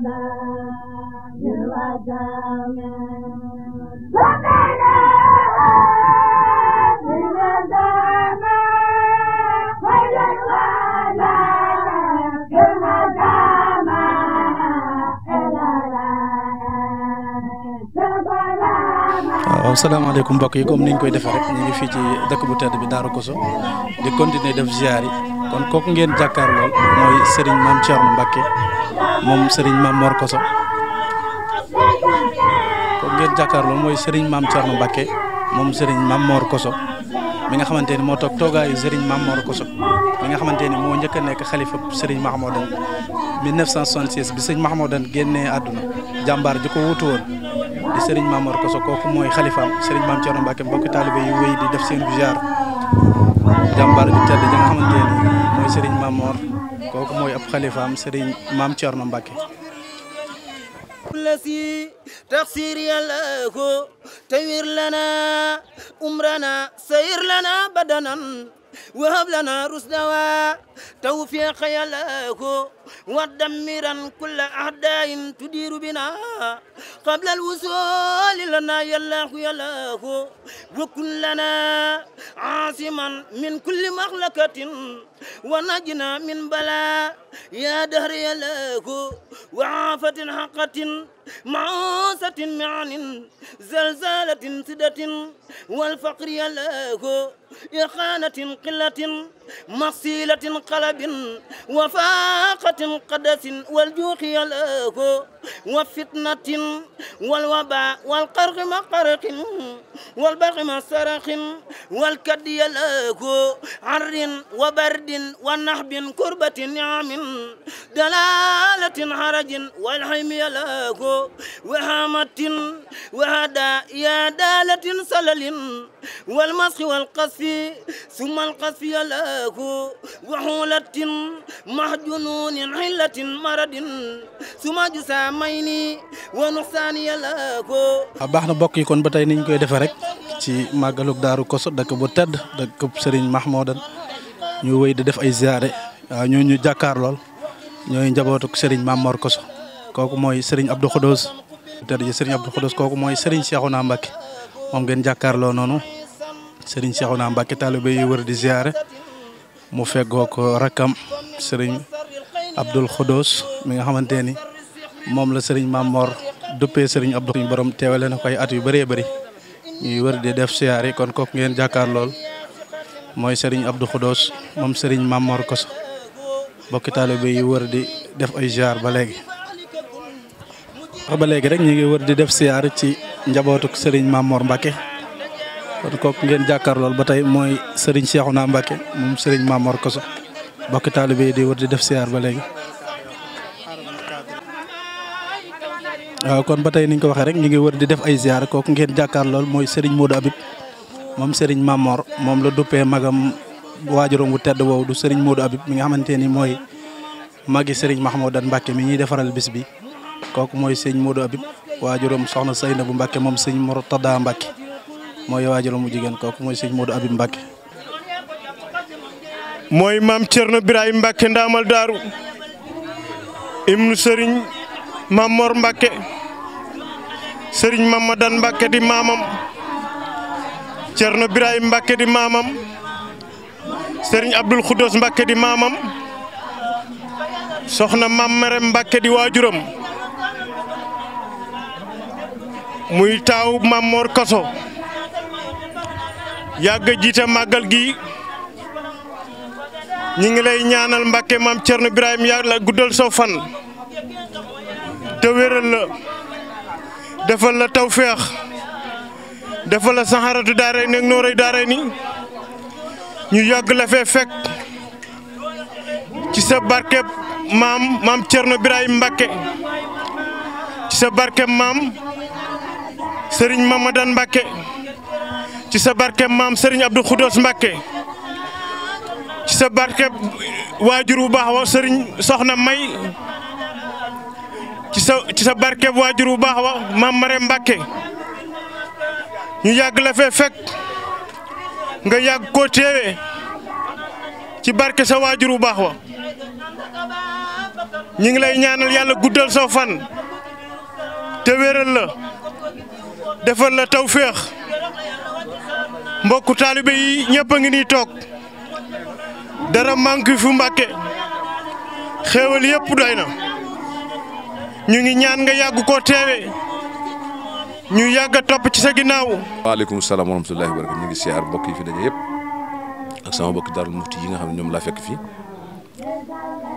waaw salaamaaleykum mbokk yi comme niñ koy defee rek ñu fii ci dëkk bu tedd bi daar Koso di continuer def ziar yi kon kooku ngeen jàkkaar lool mooy Serigne Mame Thierno Mbacke moom sëriñ maam Mor Koso kooku ngeen jàkkaarloo mooy sëriñ maam Thierno Mbacké moom sëriñ maam Mor Koso bi nga xamante ni moo toog toogaayu sëriñ maam Mor Koso mi nga xamante ni moo njëkk a nekk xalifa sëriñ Mahmoudan 1966 bi sëñ Mahmoudan génnee àdduna jàmbaar ji ko wutu woon di sëriñ maam Mor Koso kooku mooy xalifaam sëriñ maam Thierno Mbacké mbokk taalibe yu wéy di def seen ziar jàmbaar ju tedd nga xamante ni mooy sëriñ maam kooku mooy ab xalifaam sëriñ maam Thierno Mbacke. الذي تخسير له تغير لنا عمرنا سير لنا بدنا وهب لنا رسلا توفيق يا الله ودمرا كل أعداء تدير بنا قبل الوصول لنا يا الله يا الله وكن لنا عاصما من كل مخلقة ونجنا من بلاء يا دهر يا الله وعافة حقة معوسة معن زلزالة سدة والفقر يا الله إخانة قلة مصيلة قلب وفاقة قدس والجوخ يلاكو وفتنة والوباء والقرق ما قرق والبرق ما سرق والكد يلاك عر وبرد ونحب كربة نعم دلالة حرج والحيم يلاك وهامة وهدى يا دالة سلل والمسخ والقصف ثم القصف يلاك وحولة مع جنون حلة مرض ثم جسام waaw ah, baax na mbokk yi kon ba tey niñ koy defee rek ci màggalug daaru Koso dëkk bu tedd dëkkub Serigne Mahmoudan ñu wéy di def ay ziare ah, ñoo ñu jàkkaar lool ñooy njabootuk Mamor Koso kooku mooy Serigne Abdou Khoudous tedd ji Serigne Abdou Khoudous kooku mooy Serigne Cheikhouna Mbacké moom ngeen jàkkaarloo noonu Serigne Cheikhouna Mbacké taalibe yi wër di ziare mu feggoo ko rakkam Serigne Abdou Khoudous mi nga xamante ni. moom la sëriñ Maam Mor duppee sëriñ Abdou suñu borom teewale na koy at yu bëree bëri ñuy wër di def siyaar yi kooku ngeen jàkkaar mooy sëriñ Abdou Khoudous moom sëriñ Maam Mor Kosso bokki taalibe yi wër di def ay siyaar ba léegi. ba léegi rek ñu ngi wër di def siyaar ci njabootuk sëriñ Maam Mor Mbacke kon kooku ngeen jàkkaar lool ba tey mooy sëriñ Cheikhouna Mbacke moom sëriñ Maam Mor Kosso bokki taalibe yi di wër di def siyaar ba léegi. waaw kon ba tey niñ ko waxee rek ñu ngi wër di def ay ziar kooku ngeen jàkkaar lool mooy Serigne Modou Habib moom Serigne Mamor moom la duppee magam waajuram wu tedd woowu du Serigne Modou Habib mi nga xamante ni mooy magi Serigne Mahmoudan Mbacke mi ñuy defaral bis bi kooku mooy Serigne Modou Habib waajuram soxna Sayna bu mbakke moom Serigne Murtada Mbacke mooy waajuram wu jigéen kooku mooy Serigne Modou Habib Mbacke. mooy ndaamal daaru ibnu Serigne. Maam Mor Mbacke Serigne Mamadan Mbacke di maamam Cerno Birahim Mbacke di maamam sëriñ Abdul Khoudos Mbacke di maamam soxna Maam Merem Mbacke di waajuram muy taaw Maam Mor Koso yàgg jiite màggal gi ñi ngi lay ñaanal Mbacke maam Cerno Birahim yàlla guddal soo fan te wéral la defal la tawféex defal la saxaratu daaray nekk nooray daaray ni ñu yàgg la fee fekk ci sa barkeb maam maam Thierno Birahim Mbacke ci sa barkeb maam Serigne Mamadan Mbacke ci sa barkeb maam Serigne Abdou Khoudos Mbacke ci sa barkeb waajur bu baax wa Serigne Soxna May. ci sa ci sa barkeb waajur bu baax wa maam Marème Mbacke ñu yàgg la fee fekk nga yàgg koo teewee ci barke sa waajur bu baax wa ñu ngi lay ñaanal yàlla guddal sa fan te wéral la defal la taw mbokku taalibe yi ñëpp a ngi ni toog dara manque fu Mbacke xéewal yëpp doy na. ñu ngi ñaan nga yàgg koo teewe ñu yàgg a topp ci sa ginnaaw. waaleykum salaam wa rahmatullahi wa barakatu ñu ngi siyaar mbokk yi fi daje yëpp ak sama mbokk Darou Mouhty yi nga xam ne ñoom laa fekk fii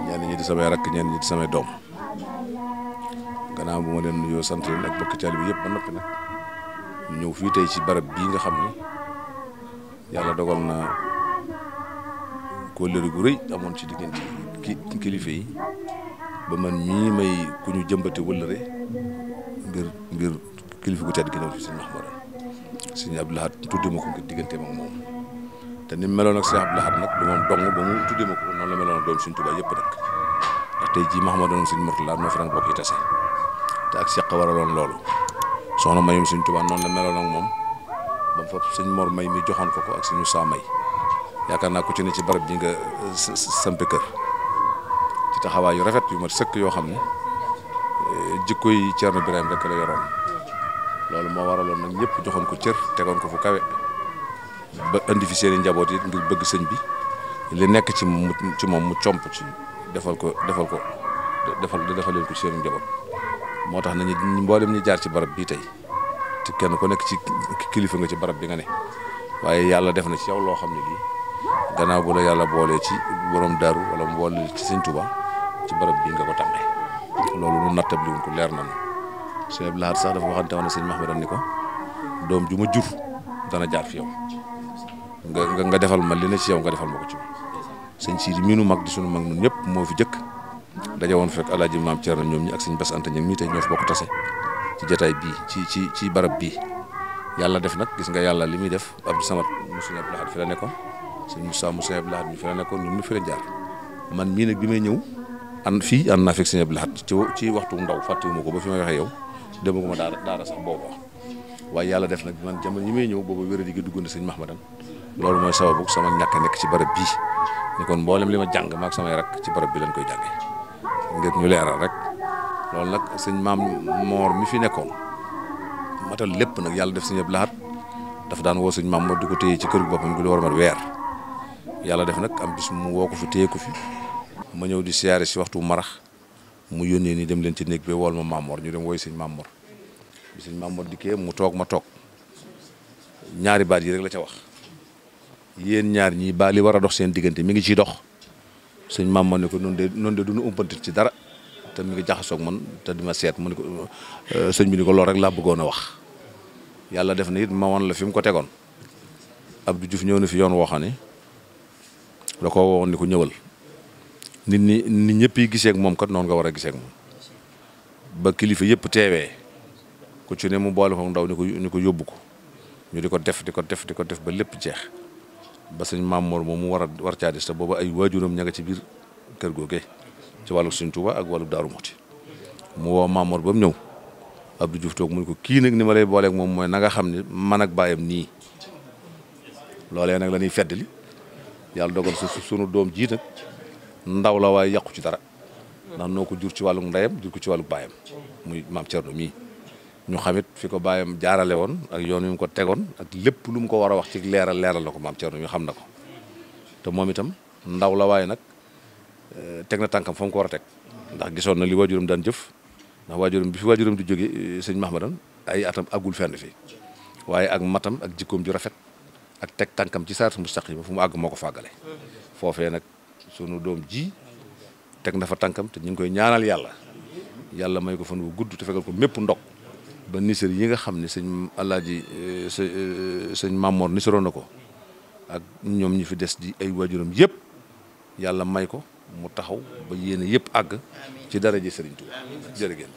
ñenn di samay rakk ñenn ñi di doom gannaaw bu leen nuyoo sant leen ak mbokk bi yëpp ba noppi nag ñëw fii tey ci barab bii nga xam ne yàlla dogal na kóllëre gu rëy amoon ci diggante ki kilifa yi. ba man mii may ku ñu jëmbate wëllëre ngir ngir kilifa gu tedd gi noonu fi sëñ Mahmoud sëñ Abdou Lahad tudde ma ko ngir diggante ak moom te ni meloon ak sëñ Abdou Lahad nag du moom dong ba mu tudde ma ko noonu la meloon ak doon sëñ Murtala noo te ak seq waraloon loolu soxna mayum sëñ Tuubaa la meloon ak moom ba mu fa sëñ Mor may mi joxoon ko ko ak suñu saa may yaakaar naa ku ci ne ci barab ji nga sampe kër taxawaay yu rafet yu mat sëkk yoo xam ne eh, jikko yi na Birahim rek la yoroon loolu moo waraloon nag ñëpp joxoon ko cër tegoon ko fu kawe ba indi fi seen i njaboot yi ngir bëgg sëñ bi li nekk ci moom mu comp ci defal ko defal ko defal defal leen ko ci seen njaboot moo tax nañu mboolem ñu jaar ci barab bii tey te kenn ku nekk ci kilifa nga ci barab bi nga ne waaye yàlla def na ci yow loo xam ne lii gannaaw bu yàlla boolee ci borom daru wala mu ci sëñ Tuubaa ci barab bii nga ko tàmbee loolu nu nattab li wuñ ko leer nañu Cheikh Abdou Lahad sax dafa waxante woon sëñ Mahmadan ni ko doom ju ma jur dana jaar fi yow nga nga defal ma li na ci yow nga defal ma ko ci sëñ Sidi miinu sunu mag ñëpp moo fi jëkk daje woon fekk alaaji maam Thierno ñoom ñi ak sëñ Bass Anta ñoom ñi tey ñoo fi bokk tase ci jataay bii ci ci ci barab bii yàlla def nag gis nga yàlla li muy def Abdou Samad mu sëñ Abdou Lahad fi la nekkoon sëñ Moussa mu sëñ Abdou Lahad mi fi la nekkoon ñun ñu fi la jaar man mii nag bi may ñëw an fii ànd naa fekk sëñ Abdou Lahad ci ci waxtu ndaw fàttewuma ko ba fi may waxee yow demaguma daara daa sax boobu waaye yàlla def nag man jamono ñi may ñëw boobu wér di gi duggoon na sëñ Mahmadan loolu mooy sababu sama ñàkk nekk ci barab bii ni kon mboolem li ma jàng maag samay rak ci barab bi lañ koy jàngee ngir ñu leeral rek loolu nag sëñ maam moor mi fi nekkoon matal lépp nag yàlla def sëñ Abdou Lahad daf daan woo sëñ maam moo di téye ci kër gi boppam gi lu war a mat yàlla def nag am woo ko fi téye ko ma ñëw di siyaare si waxtu marax mu yónnee nii dem leen ci néeg bi wool ma Mamor ñu dem woy sëñ Mamor bi sëñ Mamor dikkee mu toog ma toog ñaari baat yi rek la ca wax yéen ñaar ñii ba li war a dox seen diggante mi ngi ciy dox sëñ Mamor ne ko noonu de noonu umpantit ci dara te mu ngi jaxasoog man te di ma seet mu ne ko euh, sëñ bi ni ko lool rek laa bëggoon a wax yàlla def na it ma woon la fi mu ko tegoon Abdou Diouf ñëw na fi yoon woo da koo woowoon ko ñëwal. nit ñi nit ñëpp yi gisee moom kat noonu nga war a gisee moom ba kilifa yëpp teewee ku ci ne mu boole foog ndaw ñu ko ñu ko yóbbu ko ñu di ko def di ko def ba lépp jeex ba sëñ Mamour moom mu war a war caa des te ay waajuram ña nga ci biir kër googee ci wàllu Sëñ Tuuba ak wàllu Daaru Muxti mu woo Mamour ba mu ñëw Abdou Diouf toog mu ko kii nag ni ma lay booleeg moom mooy na nga xam ne man ak baayam nii loole nag la ñuy feddali yàlla dogal su sunu doom ji nag. ndaw la waaye yàqu ci dara ndax noo ko jur ci wàllu ndeyam jur ko ci wàllu baayam muy maam Thierno mii ñu xamit fi ko baayam jaarale woon ak yoon wi mu ko tegoon ak lépp lu mu ko war a wax ci leeral leeral na ko maam Thierno ñu xam na ko te moom itam ndaw la waaye nag eh, teg na tànkam fa mu ko war a teg ndax gisoon na li waajuram daan jëf ndax waajuram bi fi waajuram di jóge eh, sëñ Mahmadan ay atam agul fenn fi waaye ak matam ak jikkoom ju rafet ak teg tànkam ci saarat mustaqima fu mu àgg moo ko fàggale foofee nag sunu doom ji teg na fa tànkam te ñu ngi koy ñaanal yàlla yàlla may ko fan wu gudd te fekkal ko mépp ndog ba nisër yi nga xam ne sëñ alaaji eh, eh, sëñ Mamor nisëroon na ko ak ñoom ñu fi des di ay waajuram yëpp yàlla may ko mu taxaw ba yéene yëpp àgg ci dara ji Sëriñ Tuuba jërë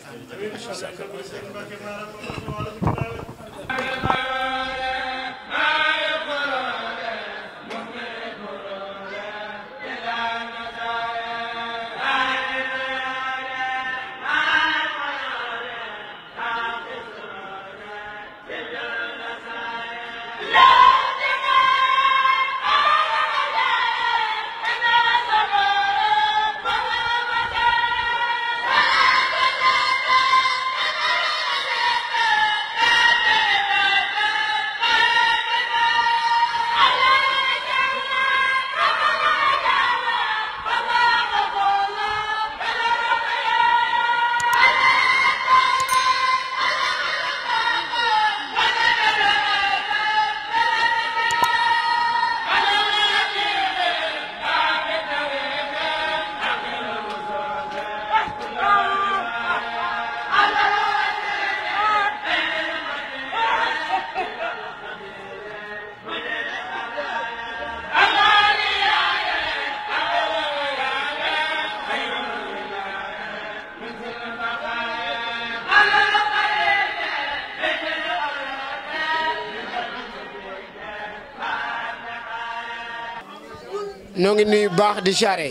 ngi nuyu baax di siyaare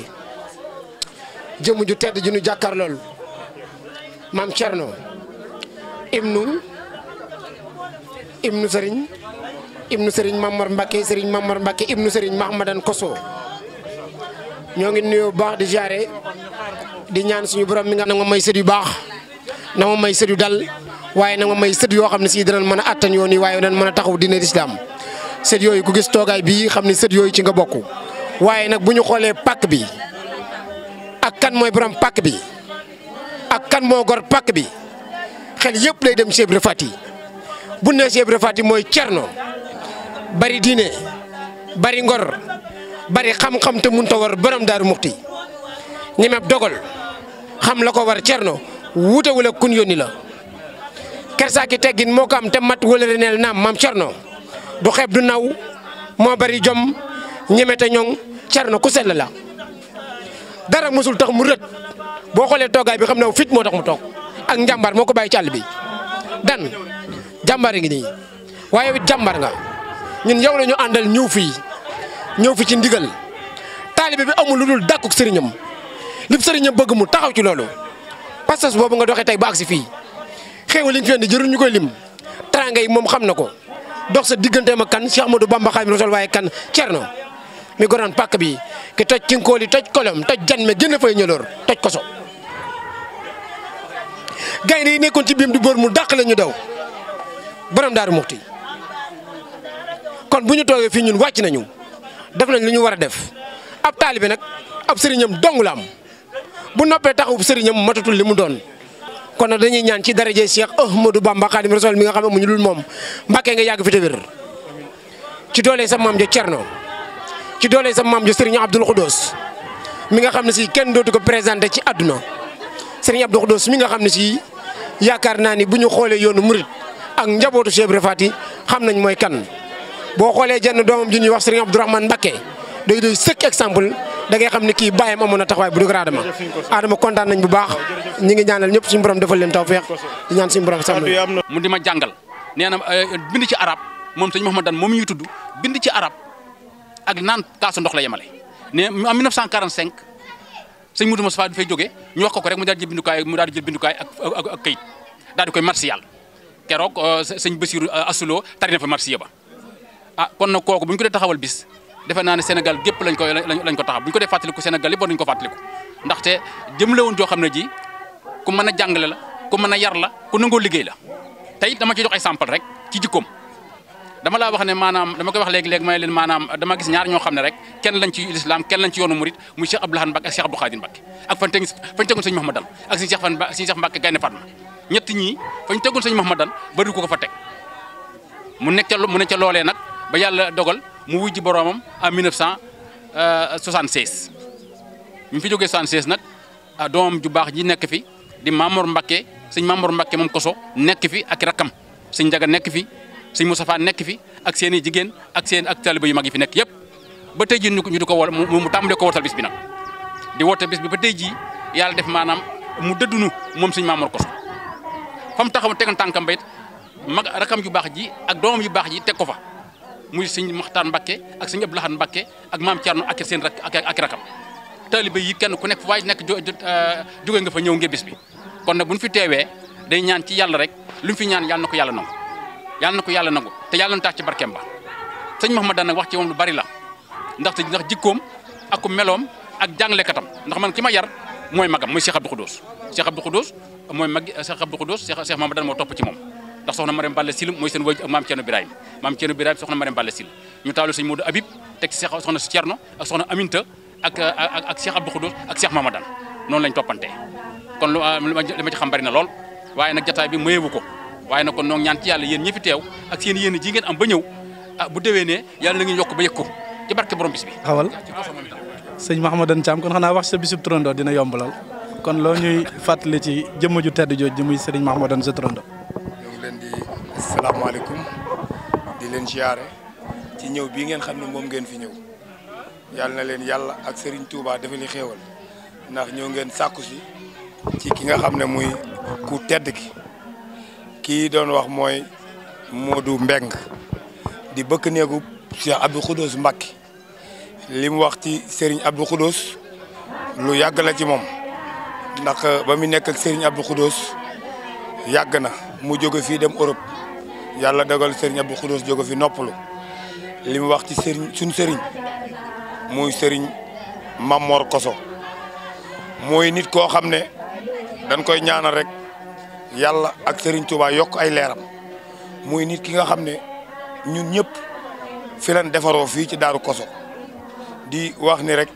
jëmm ju tedd ju nu jàkkaar lool maam Thierno ibnu ibnu Serigne ibnu Serigne Mamor Mbacke Serigne Mamor Mbacke ibnu Serigne Mahmadan Koso ñoo ngi nuyu baax di siyaare di ñaan suñu borom mi nga na ma may sët yu baax na ma may sët dal waaye na ma may sët yoo xam ne si danañ mën a attan yoon yi waaye danañ mën a taxaw diine lislaam sët yooyu ku gis toogaay bii xam ne sët yooyu ci nga bokk waaye nag bu ñu xoolee pakk bi ak kan mooy borom pàkk bi ak kan moo gor pàkk bi xel yëpp lay dem Cheikh Ibra Fati bu ne Cheikh Ibra Fati mooy cerno bari diine bari ngor bari xam-xam te mun ta war borom daaru muxti ñemeb dogal xam la ko war cerno wutewul ak kun yónni la kersaaki teggin moo ko am te mat wala reneel naam maam cerno du xeeb du naw moo bari jom ñemete ñoŋ Cerno ku sell la dara mosul tax mu rët boo xoolee toogaay bi xam ne fit moo tax mu toog ak njàmbaar moo ko bàyyi ci àll bi dan jàmbaar ngi nii waaye it jàmbaar nga ñun yow la ñu àndal ñëw fii ñëw fi ci ndiggal taalibe bi amul lu dul dàkkuk sëriñam li sëriñam bëgg mu taxaw ci loolu pastas boobu nga doxe tey ba agsi fii xéewal li ñu fi indi jëruñ ñu koy lim teraanga moom xam na ko dox sa digganteem ak kan Cheikh Ahmadou Bamba Xaadimu Rasuul waaye kan Cerno mi goroon pàkk bi ki toj kinkóol yi toj kolom toj janme gën a fay ñëloor toj koso gaynde yi nekkoon ci biim du bóor mu dàq lañu ñu daw borom daar muxti kon bu ñu toogee fii ñun wàcc nañu def nañ lu ñu war a def ab taalibe nag ab sëriñam dong la am bu noppee taxawu sëriñam matatul li mu doon kon nag dañuy ñaan ci dara daraje Cheikh Ahmadou Bamba Khadim Rasoul mi nga xam ne mu ñu lul moom Mbàkke nga yàgg fi te wér ci doole sa maam ja noo ci doole sama maam ji Serigne Abdoul Khoudous mi nga xam ne si kenn dootu ko présenté ci àdduna Serigne Abdoul Khoudous mi nga xam ne si yaakaar naa ni bu ñu xoolee yoonu murit ak njabootu Cheikh Ibra Faty xam nañ mooy kan boo xoolee jenn doomam ji ñuy wax Serigne Abdourahmane Mbacké day doy sëkk exemple da ngay xam ne kii bàyyam amoon na taxawaay bu dugg Adama Adama kontaan nañ bu baax ñu ngi ñaanal ñëpp suñu borom defal leen tawfeex di ñaan suñu borom sax ma jàngal nee na eh, bind ci arab moom sëñ Mouhamadane moom ñuy tudd bind ci arab ak naan kaasu ndox la yemale ne en 1945 sëñ Moudou Moustapha dafay jógee ñu wax ko ko rek mu daal di jël bindukaay mu daal di jël bindukaay ak ak ak koy marsi yàlla keroog euh, sëñ Bassirou euh, Assuloo tari na fa marsiya ba ah kon nag kooku bu ñu ko dee taxawal bis defe naa ne Sénégal gépp lañ ko lañ ko taxaw bu ñu ko dee fàttaliku Sénégal yëpp war nañu ko fàttaliku ndaxte jëm la woon joo xam ne ji ku mën a jàngale la ku mën a yar la ku nangoo liggéey la tey dama ciy jox ay sample rek ci jikkoom dama laa wax ne maanaam dama wax léegi léegi may leen maanaam dama gis ñaar ñoo xam ne rek kenn lañ ci lislaam kenn lañ ci yoonu murit muy Cheikh Abdoul Ahad Mbacké ak Cheikh Abdou Khadim Mbacké ak fañ tegu fañ ko ko fa teg mu nekk ca mu nekk ca loolee nag ba yàlla dogal mu wujji boroomam en 1976 euh, mu fi jógee 76 nag ah, doomam ju baax ji nekk fi di Mamor Mbacké sëñ Mamor Mbacké moom koso nekk fi ak rakkam sëñ Njaga nekk fi sëñ Moustapha nekk fi ak seen i jigéen ak seen ak taaliba yu mag yi fi nekk yëpp ba tey jii ñu di ko wol mu tàmbalee ko wootal bis bi nag di woote bis bi ba tey ji yàlla def maanaam mu dëddunu moom sëñ Mamour Kosso fa mu taxaw tegoon tànkam bayit mag rakam ju baax ji ak doomam yu baax ji teg ko fa muy sëñ Maxtaar Mbakke ak sëñ Abdou Lahad Mbakke ak maam Thierno ak seen rak ak rakam taaliba yi kenn ku nekk fu waay nekk euh, jóge nga fa ñëw ngir bis bi kon nag bu ñu fi teewee day ñaan ci yàlla rek lu fi ñaan yàlla na ko yàlla nangu yàlla na ko yàlla nangu te yàlla na tax ci barkeem ba sëñ Mahamadan nag wax ci moom lu bari la ndax ndax jikkoom ak ku meloom ak jang jànglekatam ndax man ki ma yar mooy magam mooy Cheikh Abdou Khoudous Cheikh Abdou Khoudous mooy mag Cheikh Abdou Khoudous Cheikh Mahamadan moo topp ci moom ndax soxna Mariam Balla Sil mooy seen wëj ak maam Thierno Birahim maam Thierno Birahim soxna Mariam Balla Sil ñu taalu sëñ Modou Habib teg ci soxna si Thierno ak soxna Aminta ak ak ak Cheikh Abdou Khoudous ak Cheikh Mahamadan noonu lañ toppantee kon lu li ma ci xam bari na waaye nag jataay bi mayewu ko waaye nag kon noo ñaan ci yàlla yéen ñi fi teew ak seen yéen ji ngeen am ba ñëw ah bu déwee ne yàlla na ngeen yokk ba yëg ko ci barke borom bis bi xawal sëñ Mahamadan Thiam kon xanaa wax sa bisub turandoo dina yombalal kon loo ñuy fàttali ci jëmm ju tedd jooju muy sëriñ Mahamadan sa turandoo ñoo leen di asalaamaaleykum di leen ziare ci ñëw bii ngeen xam ne moom ngeen fi ñëw yàlla na leen yàlla ak sëriñ tuubaa dafa li xéewal ndax ñëw ngeen sàkku si ci ki nga xam ne muy ku tedd ki kii doon wax mooy Modou Mbeng di bëkk néegu Cheikh Abdou Khoudous Mbacké li mu wax ci Serigne Abdou Khoudous lu yàgg la ci moom ndax euh, ba mu nekk ak Serigne Abdou Khoudous yàgg na mu jóge fii dem Europe yàlla dogal Serigne Abdou Khoudous jóge fi noppalu li mu wax ci Serigne suñ sëriñ muy Serigne Mamor Koso mooy nit koo xam ne dañ koy ñaanal rek. yàlla ak Serigne Touba yokk ay leeram muy nit ki nga xam ne ñun ñëpp fi leen defaroo fii ci Daaru Koso di wax ni rek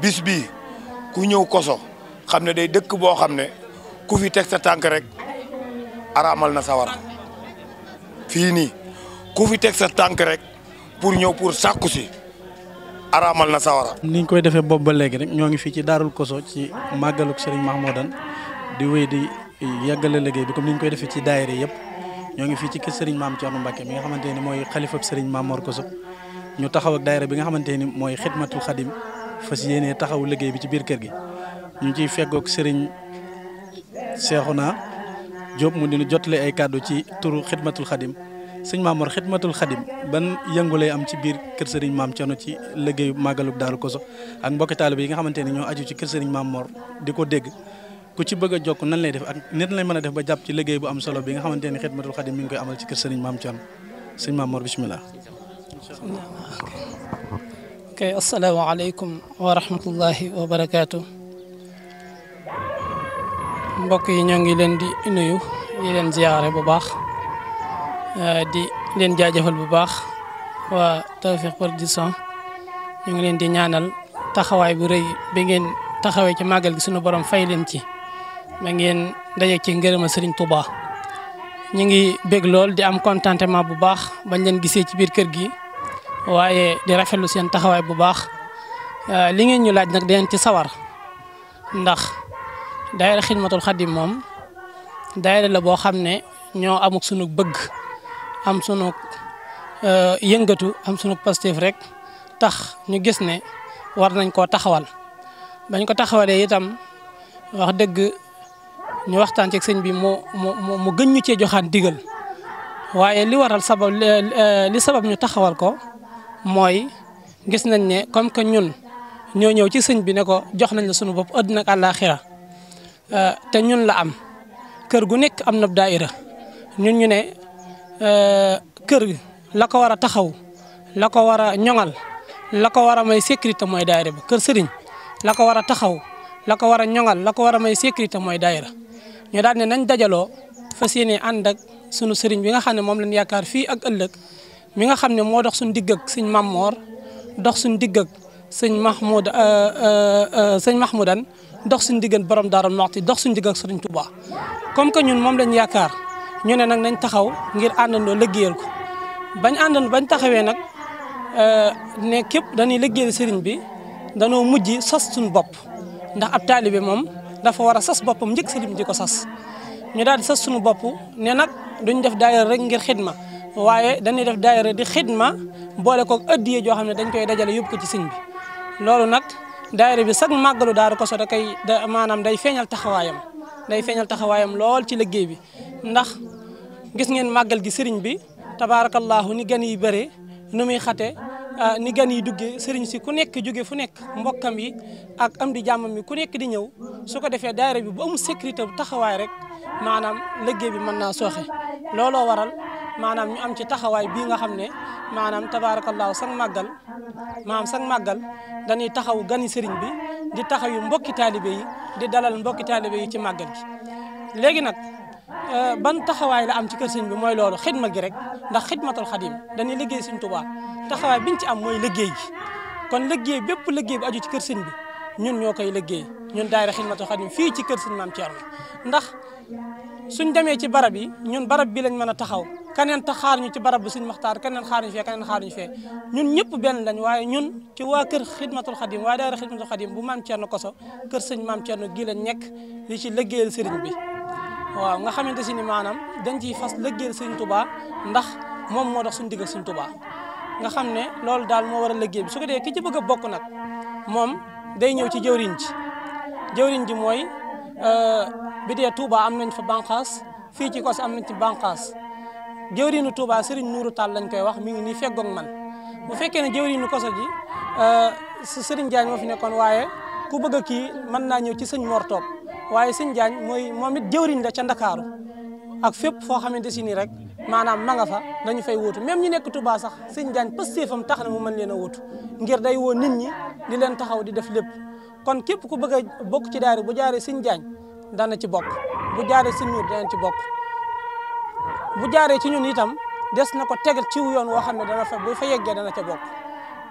bis bi ku ñëw Koso xam ne day dëkk boo xam ne ku fi teg sa tànk rek araamal na sawara fii nii ku fi teg sa tànk rek pour ñëw pour sàkku si araamal na sawara ni koy defee boobu ba léegi rek ñoo ngi fii ci Daarul Koso ci màggaluk Serigne Mahmoudane di wéy di yàggale liggéey bi comme ni ñu koy defee ci daayira yëpp ñoo ngi fii ci kër Serigne Maam Thierno Mbacke mi nga xamante ni mooy xalifab Serigne Maam Mor ñu taxaw ak bi nga xamante ni mooy xidmatul xadim fas yéenee taxaw liggéey bi ci biir kër gi ñu ciy feggoog Serigne Cheikhouna Diop mu dina jotale ay kàddu ci turu xidmatul xadim sëñ Maam Mor xidmatul xadim ban yëngu lay am ci biir kër sëriñ Maam Thierno ci liggéeyu màggalub Daaru Koso ak mbokki taalibe yi nga xamante ni ñoo aju ci kër Serigne Maam Mor di ko dégg ku ci bëgg a jokk nan lay def ak nit lay mën a def ba jàpp ci liggéey bu am solo bi nga xamante ni Xidmatul Xadim mi ngi koy amal ci kër Serigne Maam Thion sëñ Maam Mor bisimilah. ok asalaamaaleykum wa wa barakaatu. mbokk yi ñoo ngi leen di nuyu di leen ziyaare bu baax eh, di leen jaajëfal bu baax waa Tawfekh Production ñu ngi leen di ñaanal taxawaay bu rëy bi ngeen taxawee ci màggal gi sunu borom fay leen ci. ba ngeen daje ci ngërëma Serigne Touba ñu ngi bég lool di am contentement bu baax bañ leen gisee ci biir kër gi waaye di rafetlu seen taxawaay bu baax euh, li ngeen ñu laaj nag dinañ ci sawar ndax daayira xidmatul xaddim moom daayira la boo xam ne ñoo amuk sunu bëgg am sunu euh, yëngatu am sunu positif rek tax ñu gis ne war nañ koo taxawal bañ ko taxawalee itam wax dëgg ñu waxtaan ci sëñ bi mu mu gën ñu cee joxaan digal waaye li waral sabab li sabab ñu taxawal ko mooy gis nañ ne comme que ñun ñoo ñëw ci sëñ bi ne ko jox nañ la sunu bopp àddina ak àllaaxira euh, te ñun la am kër gu nekk am na daayira ñun ñu ne euh, kër la ko war a taxaw la ko war a ñoŋal la ko war a may sécurité mooy daayira ba kër sëriñ la ko war a taxaw la ko war a ñoŋal la ko war a may sécurité mooy daayira ñu daal ne nañ dajaloo fa yéene ànd ak sunu sëriñ bi nga xam ne moom lañ yaakaar fii ak ëllëg mi nga xam ne moo dox suñu digg ak sëñ Mamor dox suñu digg ak sëñ Mahmoud euh, euh, euh, sëñ Mahmoudan dox suñu diggan borom Daaru Muxti dox suñu digg ak sëriñ Touba comme que ñun moom lañ yaakaar ñu ne nag nañ taxaw ngir àndandoo liggéeyal ko bañ àndandoo bañ taxawee nag ne képp dañuy liggéeyal sëriñ bi danoo mujj sas suñu bopp ndax ab taalibe moom. dafa war a sas boppam njëkk sëriñ bi di ko sas ñu daal di sas suñu bopp ne nag duñ def daayira rek ngir xidma waaye dañuy def daayira di xidma boole ko ëddiyee joo xam ne dañ koy dajale yóbbu ko ci sëñ bi loolu nag daayira bi sax màggalu Daaru Koso da koy da maanaam day feeñal taxawaayam day feeñal taxawaayam lool ci liggéey bi ndax gis ngeen màggal gi sëriñ bi tabaarakallaahu ni gan yi nu muy xate Ah, ni gan yi duggee sëriñ si ku nekk jóge fu nekk mbokkam yi ak am di jàmmam mi ku nekk di ñëw su ko defee daayira bi bu amul sécurité bu taxawaay rek maanaam liggéey bi mën naa sooxe looloo waral maanaam ñu am ci taxawaay bii nga xam ne maanaam tabaarakallaahu sang màggal maanaam sang màggal dañuy taxaw gani sëriñ bi di taxaw yu mbokki taalibe yi di dalal mbokki taalibe yi ci màggal gi léegi nag Euh, ban taxawaay la am ci kër bi mooy loolu xidma gi rek ndax xidmatul xadim dañuy liggéey sëñ Tuubaa taxawaay biñ ci am mooy liggéey gi kon liggéey bépp liggéey bu aju ci kër bi ñun ñoo koy liggéey ñun daayira xidmatul xadim fii ci kër sëñ maam Thierno ndax suñ demee ci barab yi ñun barab bi lañ mën a taxaw keneen ta xaar ñu ci barab bu sëñ Maxtaar keneen xaar ñu fee keneen xaar ñu fee ñun ñëpp benn lañ waaye ñun ci waa kër xidmatul xadim waaye daayira xidmatul xadim bu maam Thierno koso kër sëñ maam Thierno gii lañ nekk li ci liggéeyal sëriñ bi waaw nga xamante si ni maanaam dañ ciy fas lëggeel sëñ Touba ndax moom moo dox suñu digg ak sëñ nga xam ne loolu daal moo war a lëggéey bi su ko dee ki ci bëgg a bokk nag moom day ñëw ci jëwriñ ji ji mooy euh, bi dee Touba am nañ fa bànqaas fii ci Kos am nañ ci bànqaas jëwriñu Touba Serigne Nourou Tall lañ koy wax mi ngi nii feggoog man bu fekkee ne jëwriñu Koso ji euh, Serigne Diagne moo fi nekkoon waaye ku bëgg a kii mën naa ñëw ci sëñ Mor Top waaye sëñ Diagne mooy moom it jëwriñ la ca Ndakaaru ak fépp foo xamante si nii rek maanaam ma nga fa dañu fay wóotu même ñi nekk Touba sax sëñ Diagne pëstéefam tax na mu mën leen a wóotu ngir day woon nit ñi di leen taxaw di def lépp kon képp ku bëgg a ci daari bu jaaree sëñ daan dana ci bokk bu jaaree sëñ Nuur dana ci bokk bu jaaree ci ñun itam des na ko tegal ci yoon woo xam ne dana fa bu fa yeggee dana ca bokk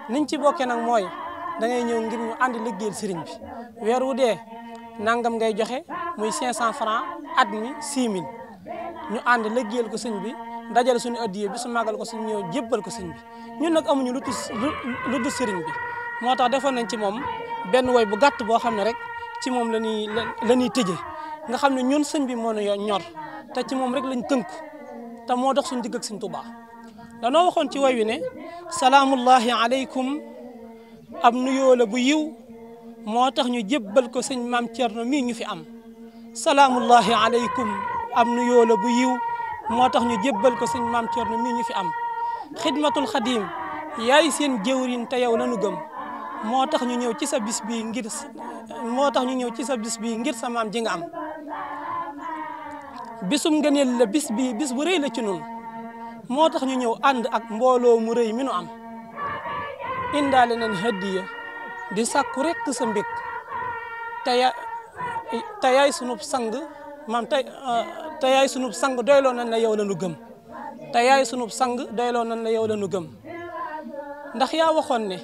niñ ci bokkee nag mooy da ngay ñëw ngir ñu ànd liggéeyal sëriñ nangam ngay joxe muy 500 francs at mi 6000 ñu ànd lëggéeyal ko sëñ bi dajale suñu addiye bi su màggal ko suñ ñëw jébbal ko sëñ bi ñun nag amuñu lu lu du sëriñ bi moo tax defoon nañ ci moom benn woy bu gàtt boo xam ne rek ci moom la ñuy la ñuy nga xam ne ñun sëñ bi moo ñu ñor te ci moom rek lañ tënku te moo dox suñ digg ak Sëñ Tuubaa danoo waxoon ci woy wi ne salaamullahi aleykum ab nuyoo la bu yiw moo tax ñu jébbal ko sëñ maam Thierno mii ñu fi am salaamullahi aleykum am nu yoo bu yiw moo tax ñu jébbal ko sëñ maam Thierno mii ñu fi am xidmatul xadim yaay seen jëwriñ te yow lanu gëm moo tax ñu ñëw ci sa bis bi ngir moo tax ñu ñëw ci sa bis bi ngir sa ji nga am bisum ngëneel la bis bi bis bu rëy la ci nun moo tax ñu ñëw ànd ak mbooloo mu rëy mi nu am indaale nañ hëddiya di sàkku rekk sa mbig te ya te yaay sunub sang maam te eh, yaay sunub sang doyloo nañ la yow la nu gëm te yaay sunub sang doyloo nañ la yow la nu gëm ndax yaa waxoon ne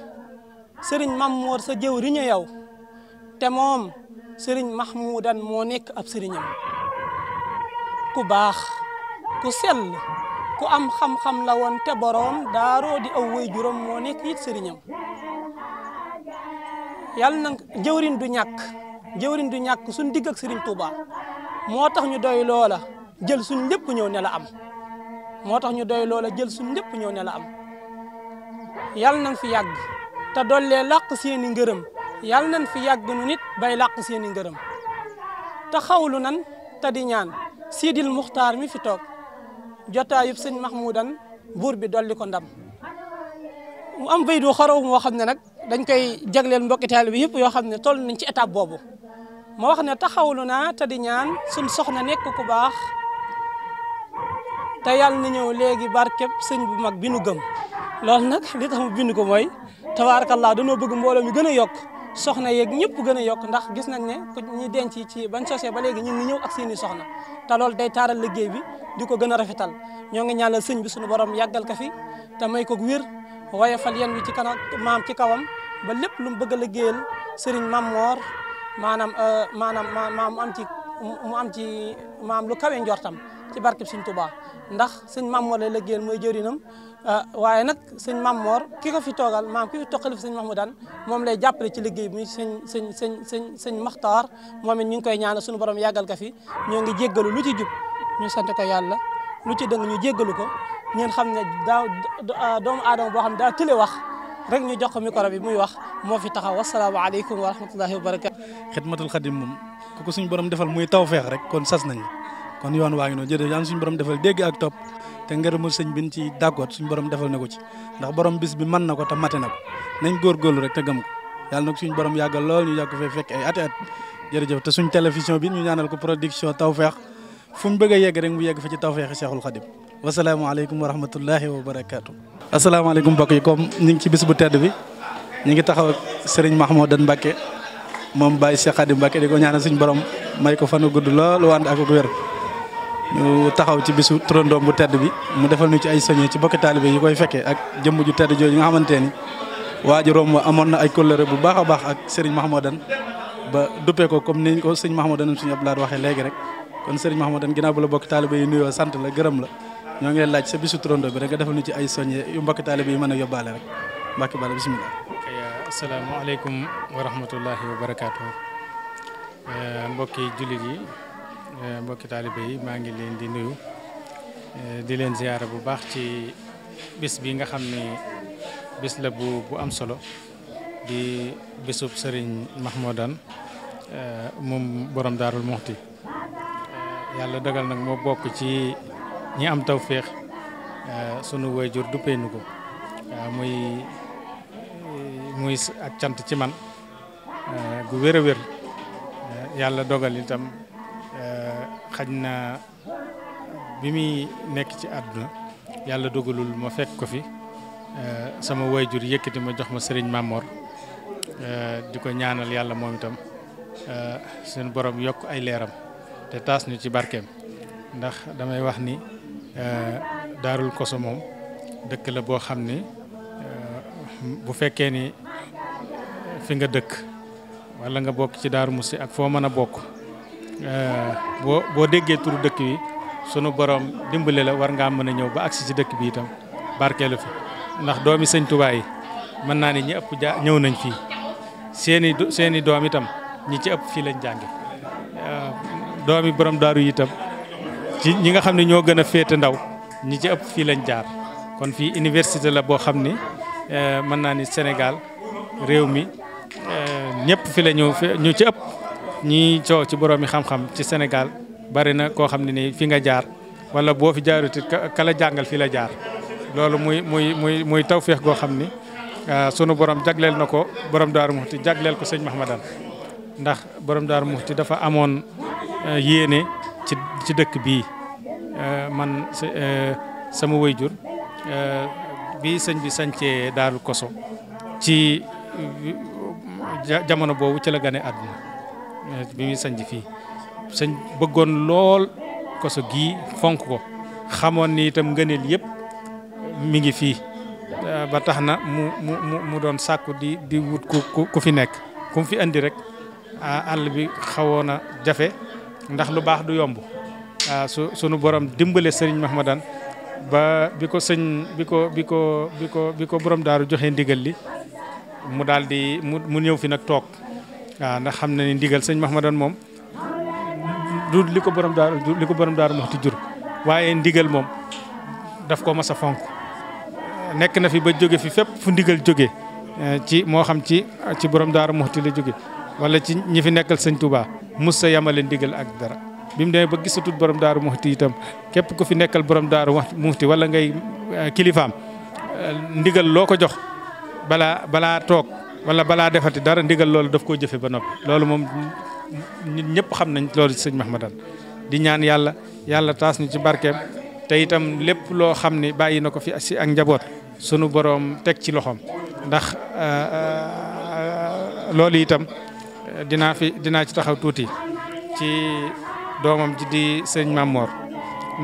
sëriñ Mamoor sa jëw riña yow te moom sëriñ Mahmoudan moo nekk ab sëriñam ku baax ku sell ku am xam-xam la woon te boroom daaroo di aw way juróom moo nekk it sëriñam yàlla na jëwrin du ñàkk jëwrin du ñàkk suñ digg ak Serigne Touba moo tax ñu doy loola jël suñ lépp ñëw ne la am moo tax ñu doy loola jël suñ lépp ñëw ne am yàlla nañ fi yàgg te dollee làq seeni ngërëm yàlla nañ fi yàgg nu nit bay làq seeni ngërëm te xawlu nan te di ñaan Sidil Muxtaar mi fi toog jotaayub sëñ Mahmoudan buur bi dolli ko ndam mu am baydu xaraw moo xam ne nag dañ koy jagleel mbokki taalibe bi yëpp yoo xam ne toll nañ ci étape boobu ma wax ne taxawlu naa te di ñaan suñ soxna nekk ku baax te yàlla na ñëw léegi barkeb sëñ bu mag bi nu gëm loolu nag li tax mu bind ko mooy tabaarakallaa danoo bëgg mbooloom mi gën a yokk soxna yeeg ñëpp gën a yokk ndax gis nañ ne ku ñuy denc ci ban sosee ba léegi ñu ngi ñëw ak seen soxna te loolu taaral liggéey bi di ko gën a rafetal ñoo ngi ñaanal sëñ bi suñu borom yàggal ka fi may ko wér woyofal yan wi ci kanaat maam ci kawam ba lépp lu mu bëgg a liggéeyal sëriñ maam moor maanaam euh, maanaam maam mu am ci mu am ci maam lu kawe njortam ci barkeb sëñ Tuubaa ndax sëñ maam moor lay liggéeyal mooy jëriñam euh, waaye nag sëñ maam moor ki ko fi toogal maam ki fi toqali fi sëñ Mahmoudan moom lay jàppale ci liggéey bi sëñ sëñ sëñ sëñ sëñ Maxtaar moom it ñu ngi koy ñaanal suñu borom yàggal ka fi ñoo ngi jéggalu lu ci jub ñu sant ko yàlla lu ci dëng ñu jéggalu ko ngeen xam ne daaw ah, doomu aadama boo xam ne daa tële wax rek ñu jox ko micro bi muy wax moo fi taxaw wasalaamaaleykum wa rahmatullahi wa barakaatu. xidmatul xadim moom ku ko suñu borom defal muy tawfeex rek kon sas nañ kon yoon waa ngi noonu jërëjëf yàlla suñu borom defal dégg ak top te ngërëmu sëñ bi ci dàggoot suñu borom defal na ko ci ndax bis bi mën na ko te mate na ko nañ rek te gëm ko yàlla nag suñu borom yàggal lool ñu yàgg fee fekk ay ati jërëjëf suñ télévision bi ñu ñaanal ko production tawfeex fu mu bëgg a yegg rek mu yegg fa ci tawfeexi Seexul Xadim wasalaamaaleykum wa rahmatullahi wa barakaatu. asalaamaaleykum mbokk yi comme ñu ngi ci bis bu tedd bi ñi ngi taxaw ak Serigne Mahmoudan Mbacke moom Baye Cheikh yi Mbacke di ko ñaanal suñu borom may ko fanu gudd lool wànd ak ak wér. ñu taxaw ci bisu turandoom bu tedd bi mu defal ñu ci ay soñé ci bokki taalibe yi koy fekkee ak jëmm ju tedd nga xamante ni waajuroom amoon na ay kóllëre bu baax a baax ak Serigne Mahmoudan ba duppee ko ni niñ ko sëñ Mahmoudan suñu Abdoulaye waxee léegi rek kon Serigne Mahmoudan ginnaaw bu la bokki taalibe yi nuyoo sant la gërëm la. ñoo ngi laaj sa bisu turando bi rek nga defal ñu ci ay soññe yu mbokk taalibe yi mën a yóbbaale rek mbàkki bala bisimilah. ok euh, asalaamaaleykum wa rahmatullahi wa barakaatu euh, mbokki jullit yi euh, mbokki taalibe yi maa ngi leen di nuyu di leen ziyaara bu baax ci bis bi nga xam ne bis la bu bu am solo di bisub Serigne Mahmoudane moom borom daarul Muxti yàlla dogal nag moo bokk ci. ñi am tawféex euh, sunu waajur duppee nu ko muy muy ak cant ci man euh, gu wér a wér euh, yàlla dogal itam xaj na bi muy nekk ci àdduna yàlla dogalul ma fekk ko fi sama wayjur yëkkati ma jox ma sëriñ Mamor di ko ñaanal yàlla moom itam seen borom yokk ay leeram te taas ñu ci barkeem ndax damay wax ni Euh, daarul koso moom dëkk la boo xam ni euh, bu fekkee ni fi nga dëkk walla nga bokk ci daaru musi ak foo mën a bokk euh, boo boo déggee turu dëkk yi sunu borom dimbale la war ngaa mën a ñëw ba agsi ci dëkk bi itam barkeelu fi ndax doomi sëñ Tuubaa yi mën naa ni ñi ëpp ja ñëw nañ fii seeni doom itam ñi ci ëpp fii lañ jànge doomi borom daaru yi itam ci ñi nga xam ne ñoo gën a féete ndaw ñi ci ëpp fii lañ jaar kon fii université la boo xam ni euh, mën naa ni senegal réew mi euh, ñëpp fi la ñu ñu ci ëpp ñi coow ci boroomi xam-xam ci senegal bari na koo xam ne nii fi nga jaar wala boo fi jaarutit kala jàngal fii la jaar loolu muy muy muy muy tawféex goo xam ni euh, sunu borom jagleel na ko borom Daaru Muxti jagleel ko sëñ Mahmadan ndax borom Daaru Muxti dafa amoon yéene. ci dëkk bii euh, man euh, sama wayjur euh, bii sëñ bi sañcee Daaru Koso ci jamono boobu ci gane àdduna bi muy bi fii sëñ bëggoon lool koso gii fonk ko xamoon ni itam ngëneel yépp mi ngi fii ba tax na mu mu mu doon sàkku di di wut ku ku fi nekk ku mu fi indi rek àll bi xawoon a jafe ndax lu baax du yomb ah, su sunu borom dimbale sëriñ Mahmadan ba bi ko sëñ bi ko bi ko bi ko bi ko borom daaru joxe ndigal li mu daal di mu mu ñëw fi nag toog waaw ah, ndax xam na ni ndigal sëñ Mahmadan moom du li ko borom daaru li ko borom daaru Muxti jur waaye ndigal moom daf ko mas a fonk nekk na fi ba jóge fi fépp fu ndigal jóge eh, ci moo xam ci ci borom daaru Muxti la jóge wala ci ñi fi nekkal sëñ Touba. musa yamale ndigal ak dara bi mu demee ba gisatul borom daaru muxti itam képp ku fi nekkal borom daaru muxti wala ngay eh, kilifaam eh, ndigal loo ko jox balaa balaa toog wala balaa defati dara ndigal loolu daf koo jëfe ba noppi loolu moom nit ñëpp xam nañ loolu sëñ Mahmadan di ñaan yàlla yàlla taas ñu ci barkeem te itam lépp loo xam ne bàyyi na ko fi si ak njaboot sunu borom teg ci loxoom ndax eh, loolu itam dinaa fi dinaa ci taxaw tuuti ci doomam ji di sëñ Mamor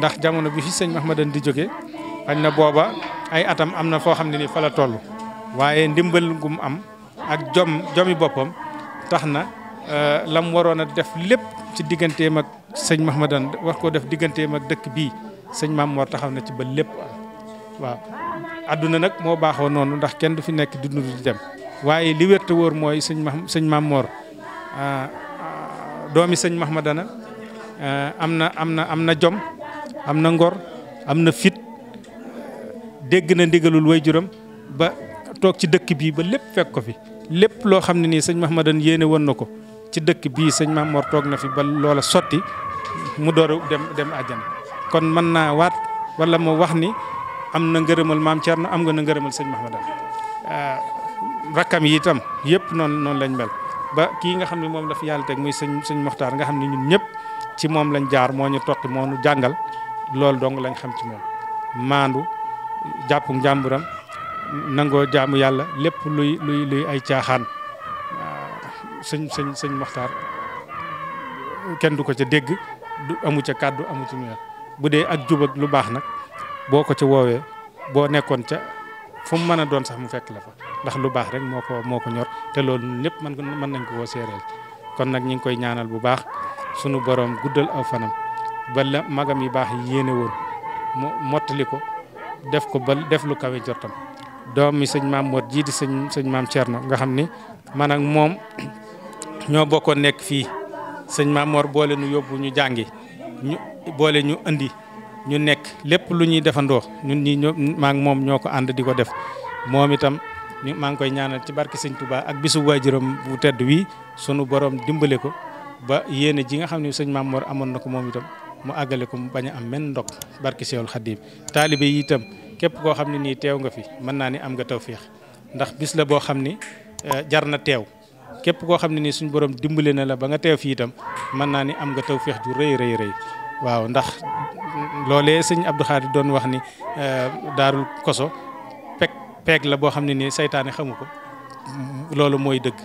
ndax jamono bi fi sëñ Mahmadan di jóge xañ na booba ay atam am na foo xam ne ni fa la toll waaye ndimbal gum am ak jom jomi boppam tax na eh, lam waroon a def lépp ci digganteem ak sëñ Mahmadan war koo def digganteem ak dëkk bii sëñ Mamor taxaw na ci ba lépp waaw adduna nag moo baaxoo noonu ndax kenn du fi nekk di dund di dem waaye li wér te mooy sëñ ma sëñ Mamor Ah, ah, doomi sëñ Mahmadana eh, am na am na am na jom am na ngor am na fit dégg na ndigalul waajuram ba toog ci dëkk bii ba lépp fekk ko fi lépp loo xam ne nii sëñ Mahmadana yéene won na ko ci dëkk bii sëñ Mamor toog na fi ba loola sotti mu door dem dem àjjana kon mën naa waat walla moo wax ni am na ngërëmal maam Thierno am nga na ngërëmal sëñ Mahmadana eh, rakkam yi itam yëpp noonu noonu lañ mel ba kii nga xam ne moom la fi yàlla teg muy sëñ sëñ Moxtaar nga xam ne ñun ñëpp ci moom lañ jaar moo ñu toqi moo ñu jàngal loolu dong lañ xam ci moom maandu jàppu njàmburam nangoo jaamu yàlla lépp luy luy luy ay caaxaan sëñ sëñ sëñ Moxtaar kenn du ko ca dégg du amu ca kàddu amu ci ñëwaat bu dee ak jub lu baax nag boo ko ca woowee boo nekkoon ca. fu mu mën a doon sax mu fekk la fa ndax lu baax rek moo ko moo ko ñor te loolu ñëpp mën mën nañ ko koo séeréel kon nag ñu ngi koy ñaanal bu baax sunu boroom guddal aw fanam ba la magam yi baax yéene woon mu mottali ko def ko ba def lu kawe jortam doom mi sëñ maam Mor jii sëñ sëñ maam Thierno nga xam ni man moom ñoo bokkoon nekk fii sëñ maam boole nu yóbbu ñu jàngi ñu boole ñu indi ñu nekk lépp lu ñuy defandoo ñun ñi ñoo maa ngi moom ñoo ko ànd di ko def moom itam ñu maa ngi koy ñaanal ci barke Sëñ Touba ak bisu waajuram bu tedd wi sunu borom dimbale ko ba yéene ji nga xam ne sëñ Mamoor amoon na ko moom itam mu àggale ko mu bañ a am menn ndokk barki Seexul Xadiim taalibe yi itam képp koo xam ne nii teew nga fi mën naa ni am nga tawféex ndax bis la boo xam ni eh, jar na teew képp koo xam ne nii suñu borom dimbale na la ba nga teew fii itam mën naa ni am nga tawféex ju rëy rëy rëy waaw ndax loolee sëñ Abdou Khadir doon wax ni daarul koso peg peeg la boo xam ne nii seytaane xamu ko loolu mooy dëgg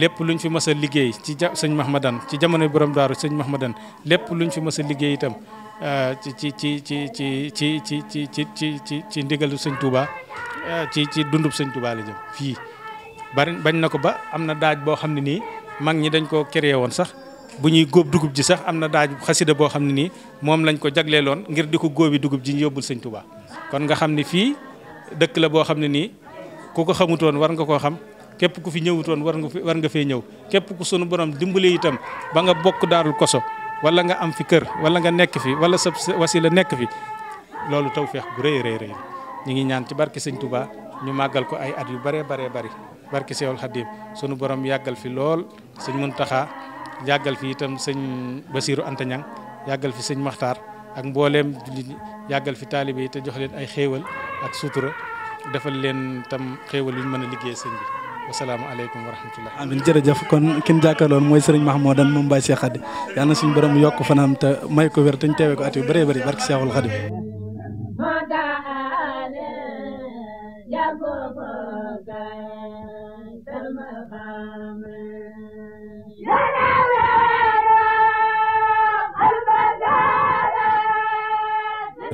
lépp luñ fi mës a liggéey ci ja sëñ Mahmadan ci jamono borom daaru sëñ Mahmadan lépp luñ fi mës a liggéey itam ci ci ci ci ci ci ci ci ci ci ci ci ndigalu sëñ ci ci dundub sëñ Touba la jëm fii bari bañ na ko ba am na daaj boo xam ne nii mag ñi dañ ko créé woon sax bu ñuy góob dugub ji sax am na daaj xasida boo xam ne nii moom lañ ko jagleeloon ngir di ko góobi dugub ji yóbbul sëñ Touba kon nga xam ne fii dëkk la boo xam ne nii ku ko xamutoon war nga koo xam képp ku fi ñëwutoon war nga war nga fee ñëw képp ku sunu borom dimbale itam ba nga bokk daarul koso wala nga am fi kër wala nga nekk fi wala sa wasila nekk fi loolu tawféex bu rëye rëy rëy ñu ngi ñaan ci barki sañ tubaa ñu màggal ko ay at yu bëree baree bëri barke Seexul Xadiim sunu borom yàggal fi lool yàggal fi itam sëñ Basiiru Anta Ñaŋ yàggal fi sëñ Maxtaar ak mbooleem jullit ñi yàggal fi taalibe yi te jox leen ay xéewal ak suutura defal leen tam xéewal yu ñu mën a liggéey sëñ bi wasalaamaaleykum wa rahmatullah amin jërëjëf kon kin jàkkaloon mooy sëriñ Mahmoudan moom Baye Cheikh Khady yal na suñu borom yokk fanam te may ko wér te ñu teewee ko at yu bëree bëri barki Cheikhul Khadim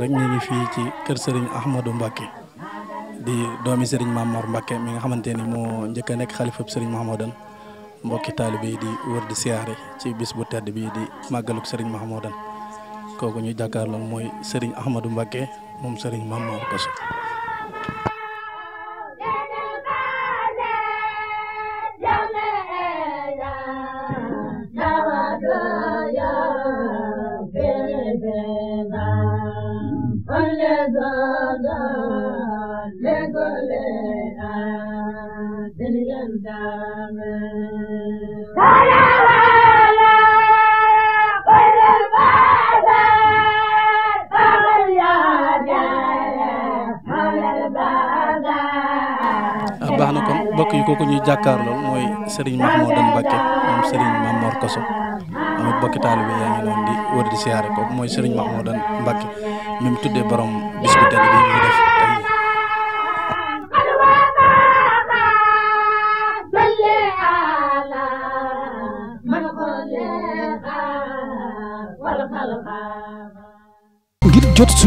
rek ñu ngi fii ci kër Serigne Ahmadou Mbacke di doomi Serigne Mamor Mbacke mi nga xamante ni moo njëkk a nekk xalifab Serigne Mahamadan mbokki taalibe yi di wër di siyaare ci bis bu tedd bii di màggaluk Serigne Mahamadan kooku ñu jàkkaarloo mooy Serigne Ahmadou Mbacke moom Serigne Mamor Bousso. Ah, baax na kon mbokk yi kooku ñuy jàkkaar lool mooy Serigne Mahmoudan Mbacke moom Serigne Mamor Koso moom it bokki taalibe yaa ngi noonu di wër di siyaare kooku mooy Serigne Mahmoudan Mbacke mi mu tuddee borom bis bu tedd bi mu